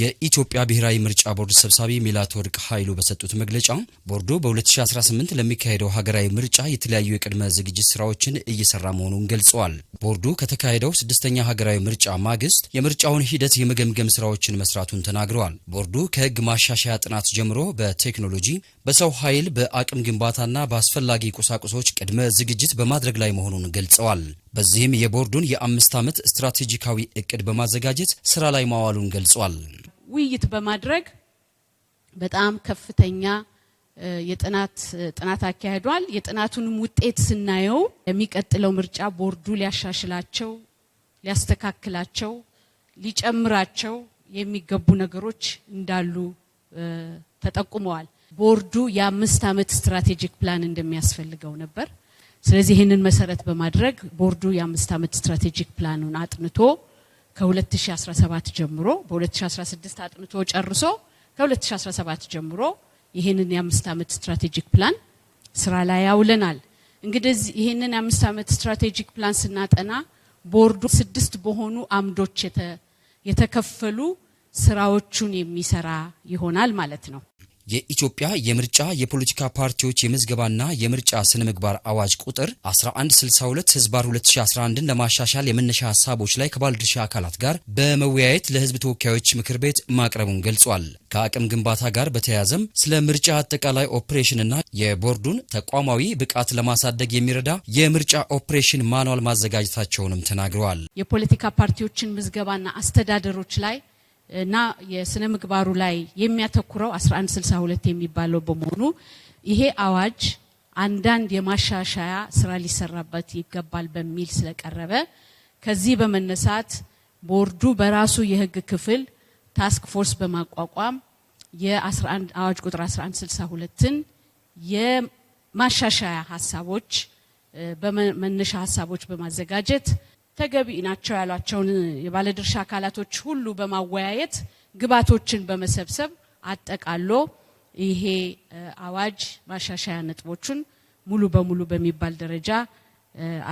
የኢትዮጵያ ብሔራዊ ምርጫ ቦርድ ሰብሳቢ ሜላትወርቅ ኃይሉ በሰጡት መግለጫ ቦርዱ በ2018 ለሚካሄደው ሀገራዊ ምርጫ የተለያዩ የቅድመ ዝግጅት ስራዎችን እየሰራ መሆኑን ገልጸዋል። ቦርዱ ከተካሄደው ስድስተኛ ሀገራዊ ምርጫ ማግስት የምርጫውን ሂደት የመገምገም ስራዎችን መስራቱን ተናግረዋል። ቦርዱ ከህግ ማሻሻያ ጥናት ጀምሮ በቴክኖሎጂ፣ በሰው ኃይል፣ በአቅም ግንባታና በአስፈላጊ ቁሳቁሶች ቅድመ ዝግጅት በማድረግ ላይ መሆኑን ገልጸዋል። በዚህም የቦርዱን የአምስት ዓመት ስትራቴጂካዊ እቅድ በማዘጋጀት ስራ ላይ ማዋሉን ገልጿል። ውይይት በማድረግ በጣም ከፍተኛ የጥናት ጥናት አካሂዷል። የጥናቱንም ውጤት ስናየው የሚቀጥለው ምርጫ ቦርዱ ሊያሻሽላቸው፣ ሊያስተካክላቸው፣ ሊጨምራቸው የሚገቡ ነገሮች እንዳሉ ተጠቁመዋል። ቦርዱ የአምስት ዓመት ስትራቴጂክ ፕላን እንደሚያስፈልገው ነበር። ስለዚህ ይህንን መሰረት በማድረግ ቦርዱ የአምስት ዓመት ስትራቴጂክ ፕላኑን አጥንቶ ከ2017 ጀምሮ በ2016 አጥንቶ ጨርሶ ከ2017 ጀምሮ ይህንን የአምስት ዓመት ስትራቴጂክ ፕላን ስራ ላይ ያውለናል። እንግዲህ ይህንን የአምስት ዓመት ስትራቴጂክ ፕላን ስናጠና ቦርዱ ስድስት በሆኑ አምዶች የተከፈሉ ስራዎቹን የሚሰራ ይሆናል ማለት ነው። የኢትዮጵያ የምርጫ የፖለቲካ ፓርቲዎች የምዝገባና የምርጫ ስነ ምግባር አዋጅ ቁጥር 1162 ህዝባር 2011ን ለማሻሻል የመነሻ ሀሳቦች ላይ ከባለድርሻ አካላት ጋር በመወያየት ለህዝብ ተወካዮች ምክር ቤት ማቅረቡን ገልጿል። ከአቅም ግንባታ ጋር በተያያዘም ስለ ምርጫ አጠቃላይ ኦፕሬሽንና የቦርዱን ተቋማዊ ብቃት ለማሳደግ የሚረዳ የምርጫ ኦፕሬሽን ማንዋል ማዘጋጀታቸውንም ተናግረዋል። የፖለቲካ ፓርቲዎችን ምዝገባና አስተዳደሮች ላይ እና የስነ ምግባሩ ላይ የሚያተኩረው 1162 የሚባለው በመሆኑ ይሄ አዋጅ አንዳንድ የማሻሻያ ስራ ሊሰራበት ይገባል በሚል ስለቀረበ ከዚህ በመነሳት ቦርዱ በራሱ የህግ ክፍል ታስክ ፎርስ በማቋቋም የአዋጅ ቁጥር 1162ን የማሻሻያ ሀሳቦች በመነሻ ሀሳቦች በማዘጋጀት ተገቢ ናቸው ያሏቸውን የባለድርሻ አካላቶች ሁሉ በማወያየት ግባቶችን በመሰብሰብ አጠቃሎ ይሄ አዋጅ ማሻሻያ ነጥቦቹን ሙሉ በሙሉ በሚባል ደረጃ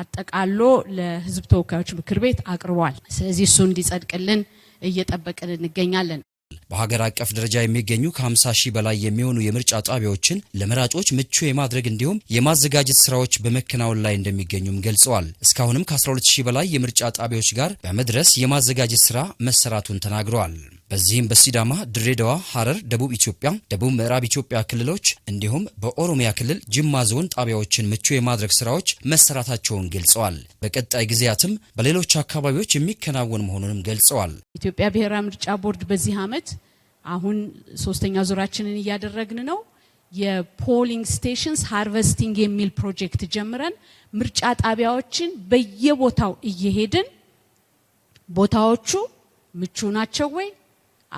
አጠቃሎ ለሕዝብ ተወካዮች ምክር ቤት አቅርቧል። ስለዚህ እሱ እንዲጸድቅልን እየጠበቅን እንገኛለን። በሀገር አቀፍ ደረጃ የሚገኙ ከ50 ሺህ በላይ የሚሆኑ የምርጫ ጣቢያዎችን ለመራጮች ምቹ የማድረግ እንዲሁም የማዘጋጀት ስራዎች በመከናወን ላይ እንደሚገኙም ገልጸዋል። እስካሁንም ከ12 ሺህ በላይ የምርጫ ጣቢያዎች ጋር በመድረስ የማዘጋጀት ስራ መሰራቱን ተናግረዋል። በዚህም በሲዳማ፣ ድሬዳዋ፣ ሐረር፣ ደቡብ ኢትዮጵያ፣ ደቡብ ምዕራብ ኢትዮጵያ ክልሎች እንዲሁም በኦሮሚያ ክልል ጅማ ዞን ጣቢያዎችን ምቹ የማድረግ ስራዎች መሰራታቸውን ገልጸዋል። በቀጣይ ጊዜያትም በሌሎች አካባቢዎች የሚከናወን መሆኑንም ገልጸዋል። ኢትዮጵያ ብሔራዊ ምርጫ ቦርድ በዚህ ዓመት አሁን ሶስተኛ ዙራችንን እያደረግን ነው። የፖሊንግ ስቴሽንስ ሃርቨስቲንግ የሚል ፕሮጀክት ጀምረን ምርጫ ጣቢያዎችን በየቦታው እየሄድን ቦታዎቹ ምቹ ናቸው ወይ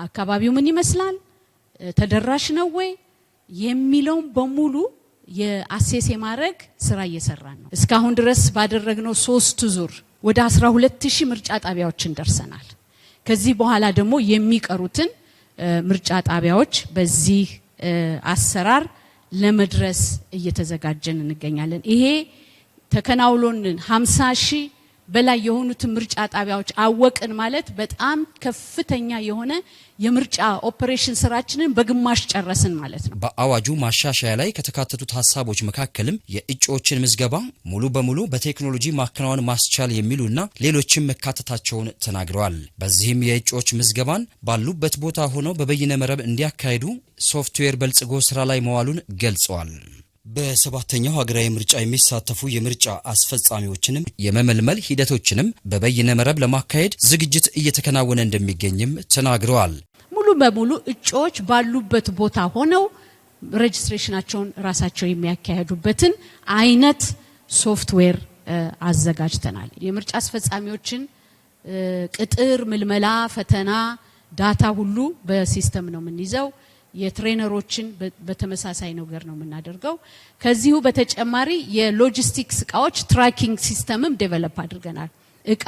አካባቢው ምን ይመስላል፣ ተደራሽ ነው ወይ የሚለውን በሙሉ የአሴስ የማድረግ ስራ እየሰራን ነው። እስካሁን ድረስ ባደረግነው ሶስት ዙር ወደ 12 ሺህ ምርጫ ጣቢያዎችን ደርሰናል። ከዚህ በኋላ ደግሞ የሚቀሩትን ምርጫ ጣቢያዎች በዚህ አሰራር ለመድረስ እየተዘጋጀን እንገኛለን። ይሄ ተከናውሎንን 50 ሺህ በላይ የሆኑት ምርጫ ጣቢያዎች አወቅን ማለት በጣም ከፍተኛ የሆነ የምርጫ ኦፕሬሽን ስራችንን በግማሽ ጨረስን ማለት ነው። በአዋጁ ማሻሻያ ላይ ከተካተቱት ሀሳቦች መካከልም የእጩዎችን ምዝገባ ሙሉ በሙሉ በቴክኖሎጂ ማከናወን ማስቻል የሚሉና ሌሎችም መካተታቸውን ተናግረዋል። በዚህም የእጩዎች ምዝገባን ባሉበት ቦታ ሆነው በበይነ መረብ እንዲያካሂዱ ሶፍትዌር በልጽጎ ስራ ላይ መዋሉን ገልጸዋል። በሰባተኛው ሀገራዊ ምርጫ የሚሳተፉ የምርጫ አስፈጻሚዎችንም የመመልመል ሂደቶችንም በበይነ መረብ ለማካሄድ ዝግጅት እየተከናወነ እንደሚገኝም ተናግረዋል። ሙሉ በሙሉ እጩዎች ባሉበት ቦታ ሆነው ሬጅስትሬሽናቸውን ራሳቸው የሚያካሄዱበትን አይነት ሶፍትዌር አዘጋጅተናል። የምርጫ አስፈጻሚዎችን ቅጥር፣ ምልመላ፣ ፈተና፣ ዳታ ሁሉ በሲስተም ነው የምንይዘው። የትሬነሮችን በተመሳሳይ ነገር ነው የምናደርገው። ከዚሁ በተጨማሪ የሎጂስቲክስ እቃዎች ትራኪንግ ሲስተምም ዴቨሎፕ አድርገናል። እቃ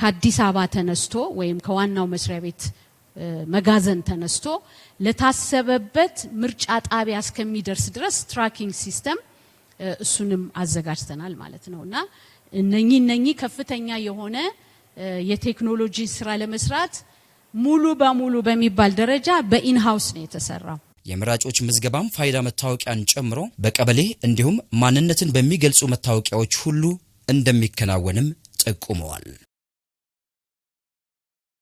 ከአዲስ አበባ ተነስቶ ወይም ከዋናው መስሪያ ቤት መጋዘን ተነስቶ ለታሰበበት ምርጫ ጣቢያ እስከሚደርስ ድረስ ትራኪንግ ሲስተም እሱንም አዘጋጅተናል ማለት ነው እና እነኚህ እነኚህ ከፍተኛ የሆነ የቴክኖሎጂ ስራ ለመስራት ሙሉ በሙሉ በሚባል ደረጃ በኢንሃውስ ነው የተሰራው። የመራጮች ምዝገባም ፋይዳ መታወቂያን ጨምሮ በቀበሌ እንዲሁም ማንነትን በሚገልጹ መታወቂያዎች ሁሉ እንደሚከናወንም ጠቁመዋል።